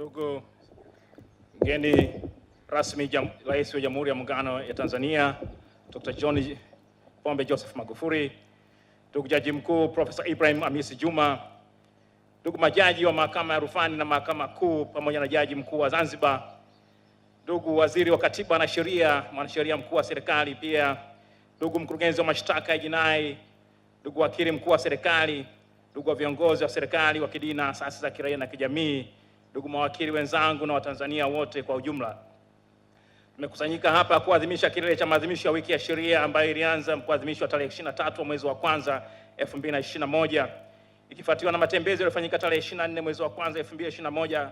Ndugu mgeni rasmi, jam, Rais wa Jamhuri ya Muungano ya Tanzania Dr. John Pombe Joseph Magufuli, ndugu Jaji Mkuu Profesa Ibrahim Amisi Juma, ndugu majaji wa Mahakama ya Rufani na Mahakama Kuu pamoja na Jaji Mkuu wa Zanzibar, ndugu Waziri wa Katiba na Sheria, Mwanasheria Mkuu wa Serikali, pia ndugu Mkurugenzi wa Mashtaka ya Jinai, ndugu Wakili Mkuu wa Serikali, ndugu wa viongozi wa serikali wa kidini na asasi za kiraia na kijamii ndugu mawakili wenzangu na Watanzania wote kwa ujumla, tumekusanyika hapa kuadhimisha kilele cha maadhimisho ya wiki ya sheria ambayo ilianza kuadhimishwa tarehe 23 mwezi wa kwanza 2021 ikifuatiwa na matembezi yaliyofanyika tarehe 24 mwezi wa kwanza 2021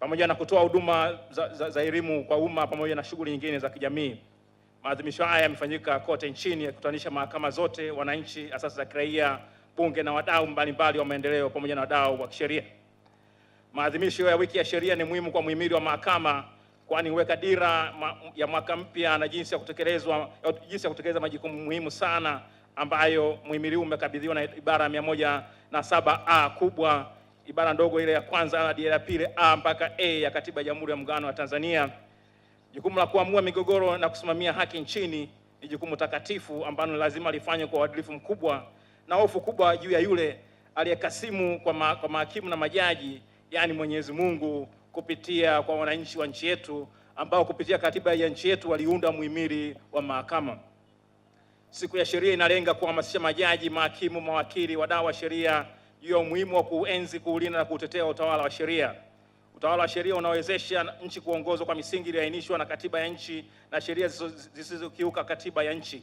pamoja na kutoa huduma za, za, za elimu kwa umma pamoja na shughuli nyingine za kijamii. Maadhimisho haya yamefanyika kote nchini yakikutanisha mahakama zote, wananchi, asasi za kiraia, bunge na wadau mbalimbali wa maendeleo pamoja na wadau wa kisheria. Maadhimisho ya wiki ya sheria ni muhimu kwa muhimili wa mahakama, kwani huweka dira ya mwaka mpya na jinsi ya kutekelezwa jinsi ya kutekeleza majukumu muhimu sana ambayo muhimili huu umekabidhiwa na ibara mia moja na saba a kubwa ibara ndogo ile ya kwanza hadi ya pili a mpaka a ya Katiba ya Jamhuri ya Muungano wa Tanzania. Jukumu la kuamua migogoro na kusimamia haki nchini ni jukumu takatifu ambalo lazima lifanywe kwa uadilifu mkubwa na hofu kubwa juu ya yule aliyekasimu kwa mahakimu na majaji yani Mwenyezi Mungu kupitia kwa wananchi wa nchi yetu ambao kupitia katiba ya nchi yetu waliunda muhimili wa mahakama. Siku ya sheria inalenga kuhamasisha majaji, mahakimu, mawakili, wadau wa sheria juu ya umuhimu wa kuenzi, kuulinda na kutetea utawala wa sheria, utawala wa sheria unawezesha nchi kuongozwa kwa misingi iliyoainishwa na katiba ya nchi na sheria zisizokiuka katiba ya nchi.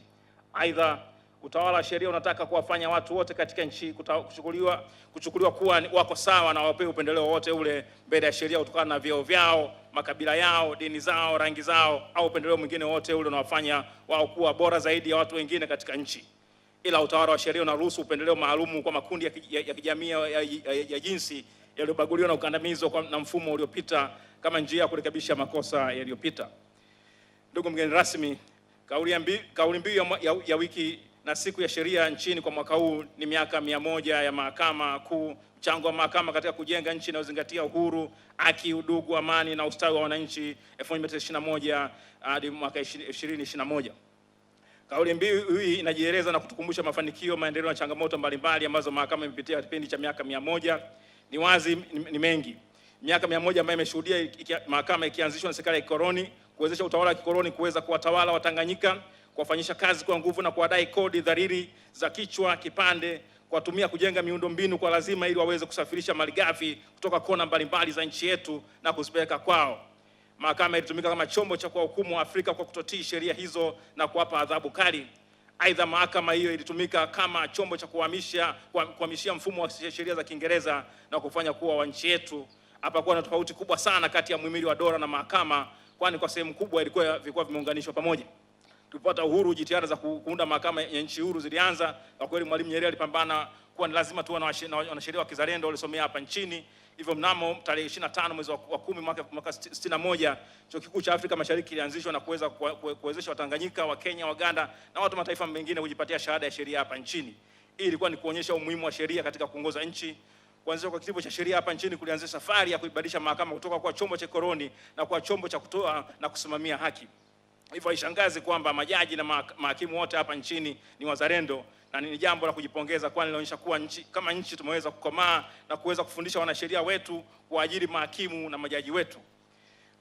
Aidha, utawala wa sheria unataka kuwafanya watu wote katika nchi kuchukuliwa, kuchukuliwa kuwa wako sawa na wapewe upendeleo wote ule mbele ya sheria kutokana na vyeo vyao, makabila yao, dini zao, rangi zao au upendeleo mwingine wote ule unawafanya wao kuwa bora zaidi ya watu wengine katika nchi. Ila utawala wa sheria unaruhusu upendeleo maalumu kwa makundi ya kijamii ya, ya, ya, ya jinsi yaliyobaguliwa na ukandamizwa na mfumo uliopita kama njia ya kurekebisha makosa yaliyopita. Ndugu mgeni rasmi, kauli mbiu ya, ya, ya wiki na siku ya sheria nchini kwa mwaka huu ni miaka mia moja ya mahakama kuu. Mchango wa mahakama katika kujenga nchi inayozingatia uhuru, haki, udugu, amani na ustawi wa wananchi 1921 hadi mwaka 2021. Kauli mbiu hii inajieleza na kutukumbusha mafanikio, maendeleo na changamoto mbalimbali ambazo mahakama imepitia kipindi cha miaka mia moja. Ni wazi ni ni mengi, miaka mia moja ambayo imeshuhudia mahakama ikianzishwa na serikali ya kikoloni kuwezesha utawala wa kikoloni kuweza kuwatawala Watanganyika kuwafanyisha kazi kwa nguvu na kuwadai kodi dhariri za kichwa kipande, kuwatumia kujenga miundombinu kwa lazima ili waweze kusafirisha malighafi kutoka kona mbalimbali za nchi yetu na kuzipeleka kwao. Mahakama ilitumika kama chombo cha kuwahukumu Waafrika kwa kutotii sheria hizo na kuwapa adhabu kali. Aidha, mahakama hiyo ilitumika kama chombo cha kuhamisha kuhamishia mfumo wa sheria za Kiingereza na kufanya kuwa wa nchi yetu. Hapakuwa na tofauti kubwa sana kati ya muhimili wa dola na mahakama, kwani kwa sehemu kubwa ilikuwa vilikuwa vimeunganishwa pamoja tupata uhuru, jitihada za kuunda mahakama ya nchi huru zilianza. Kwa kweli, Mwalimu Nyerere alipambana kuwa ni lazima tuwe na wanasheria wa kizalendo waliosomea hapa nchini. Hivyo mnamo tarehe 25 mwezi wa 10 mwaka 61 chuo kikuu cha Afrika Mashariki kilianzishwa na kuweza kuwezesha Watanganyika, Wakenya, Waganda na watu mataifa mengine kujipatia shahada ya sheria hapa nchini. Hii ilikuwa ni kuonyesha umuhimu wa sheria katika kuongoza nchi. Kuanzishwa kwa kitivo cha sheria hapa nchini kulianzisha safari ya kuibadilisha mahakama kutoka kwa chombo cha koroni na kwa chombo cha kutoa na kusimamia haki. Hivyo haishangazi kwamba majaji na mahakimu wote hapa nchini ni wazalendo na ni jambo la kujipongeza, kwani linaonyesha kuwa nchi, kama nchi tumeweza kukomaa na kuweza kufundisha wanasheria wetu kuajiri mahakimu na majaji wetu.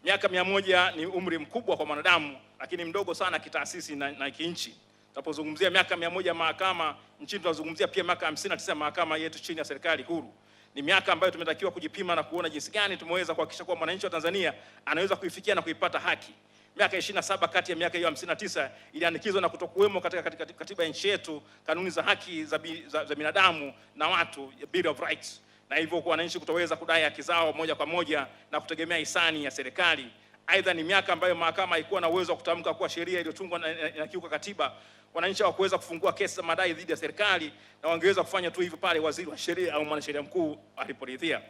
Miaka mia moja ni umri mkubwa kwa mwanadamu, lakini mdogo sana kitaasisi na, na kinchi. Tunapozungumzia miaka mia moja mahakama nchini, tunazungumzia pia miaka hamsini na tisa mahakama yetu chini ya serikali huru. Ni miaka ambayo tumetakiwa kujipima na kuona jinsi gani tumeweza kuhakikisha kuwa mwananchi wa Tanzania anaweza kuifikia na kuipata haki miaka saba kati ya miaka hiyo tisa iliandikizwa na kutokuwemo katika, katika katiba ya nchi yetu kanuni za haki za, bi, za, za binadamu na watu Bill of Rights, na hivyo kwa wananchi kutoweza kudai haki zao moja kwa moja na kutegemea hisani ya serikali. Aidha, ni miaka ambayo mahakama haikuwa na uwezo wa kutamka kuwa sheria iliyotungwa inakiuka katiba. Wananchi hawakuweza kufungua kesi za madai dhidi ya serikali, na wangeweza kufanya tu hivyo pale waziri wa sheria au mwanasheria mkuu aliporidhia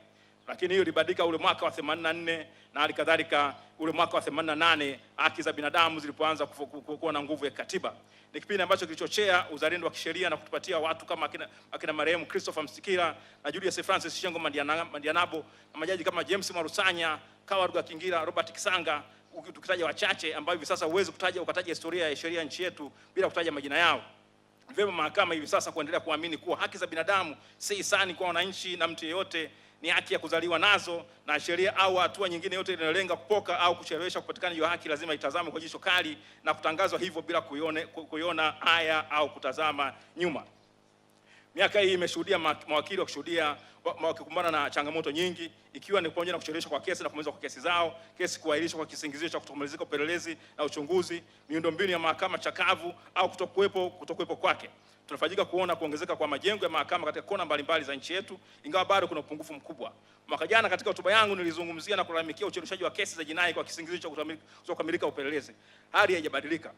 lakini hiyo ilibadilika ule mwaka wa 84 na hali kadhalika ule mwaka wa 88 haki za binadamu zilipoanza kuwa na nguvu ya katiba. Ni kipindi ambacho kilichochea uzalendo wa kisheria na kutupatia watu kama akina, akina marehemu Christopher Msikira na Julius Francis Shengo Mandianabo na majaji kama James Marusanya, Kawa Ruga Kingira, Robert Kisanga, tukitaja wachache ambao hivi sasa huwezi kutaja ukataja historia ya sheria nchi yetu bila kutaja majina yao. Vyema mahakama hivi sasa kuendelea kuamini kuwa haki za binadamu si hisani kwa wananchi na mtu yeyote ni haki ya kuzaliwa nazo, na sheria au hatua nyingine yote inayolenga kupoka au kuchelewesha kupatikana hiyo haki lazima itazamwe kwa jicho kali na kutangazwa hivyo bila kuiona kuiona haya au kutazama nyuma. Miaka hii imeshuhudia mawakili wakishuhudia wakikumbana na changamoto nyingi, ikiwa ni pamoja na kuchelewesha kwa kesi na kumalizwa kwa kesi zao, kesi kuahirishwa kwa kisingizio cha kutomalizika upelelezi na uchunguzi, miundombinu ya mahakama chakavu au kutokuwepo kutokuwepo kwake. Tunafajika kuona kuongezeka kwa majengo ya mahakama katika kona mbalimbali za nchi yetu, ingawa bado kuna upungufu mkubwa. Mwaka jana katika hotuba yangu nilizungumzia na kulalamikia ucheleweshaji wa kesi za jinai kwa kisingizio cha kutokamilika upelelezi. Hali haijabadilika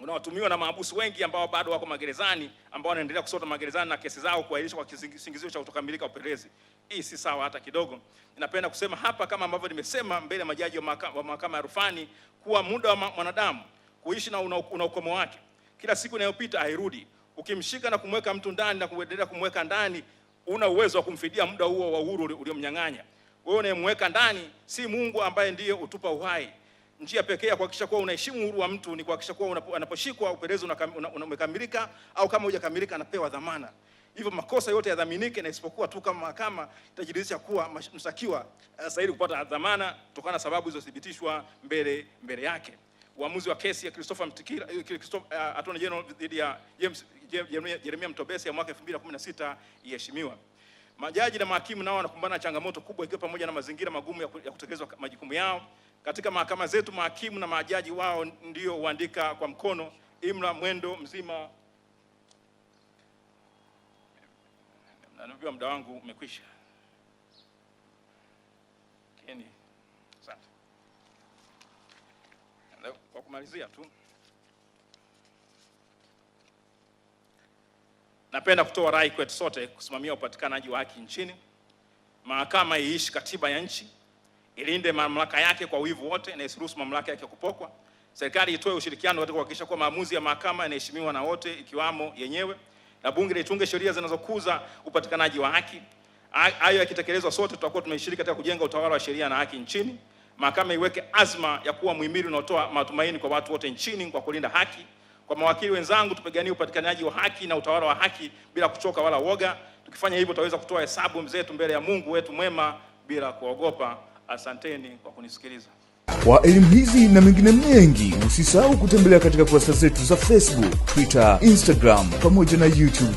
unaotumiwa na mahabusu wengi ambao bado wako magerezani, ambao wanaendelea kusota magerezani na kesi zao kuahirishwa kwa kisingizio cha kutokamilika upelelezi. Hii si sawa hata kidogo. Ninapenda kusema hapa, kama ambavyo nimesema mbele ya majaji wa mahakama ya rufani, kuwa muda wa mwanadamu kuishi na una ukomo wake. Kila siku inayopita hairudi. Ukimshika na kumweka mtu ndani na kuendelea kumweka ndani, una uwezo wa kumfidia muda huo wa uhuru uliomnyang'anya. Wewe unayemweka ndani si Mungu ambaye ndiye utupa uhai njia pekee ya kuhakikisha kuwa unaheshimu uhuru wa mtu ni kuhakikisha kuwa anaposhikwa upelelezi umekamilika, au kama hujakamilika anapewa dhamana. Hivyo makosa yote yadhaminike, na isipokuwa tu kama mahakama itajiridhisha kuwa mshtakiwa eh, stahili kupata dhamana kutokana na sababu zilizothibitishwa mbele mbele yake. Uamuzi wa kesi ya Christopher Mtikila, eh, eh, Attorney General dhidi ya Jeremiah Mtobesi ya mwaka 2016 iheshimiwa. Majaji na mahakimu nao wanakumbana na changamoto kubwa, ikiwa pamoja na mazingira magumu ya kutekelezwa majukumu yao katika mahakama zetu. Mahakimu na majaji wao ndio huandika kwa mkono imla, mwendo mzima. Najua muda wangu umekwisha. Kwa kumalizia tu Napenda kutoa rai kwetu sote kusimamia upatikanaji wa haki nchini. Mahakama iishi katiba ya nchi, ilinde mamlaka yake kwa wivu wote na isiruhusu mamlaka yake kupokwa. Serikali itoe ushirikiano katika kuhakikisha kuwa maamuzi ya mahakama yanaheshimiwa na wote ikiwamo yenyewe, na bunge litunge sheria zinazokuza upatikanaji wa haki. Hayo yakitekelezwa, sote tutakuwa tumeshiriki katika kujenga utawala wa sheria na haki nchini. Mahakama iweke azma ya kuwa muhimili unaotoa matumaini kwa watu wote nchini kwa kulinda haki kwa mawakili wenzangu, tupiganie upatikanaji wa haki na utawala wa haki bila kuchoka wala woga. Tukifanya hivyo, tutaweza kutoa hesabu zetu mbele ya Mungu wetu mwema bila kuogopa. Asanteni kwa kunisikiliza. Kwa elimu hizi na mengine mengi, usisahau kutembelea katika kurasa zetu za Facebook, Twitter, Instagram pamoja na YouTube.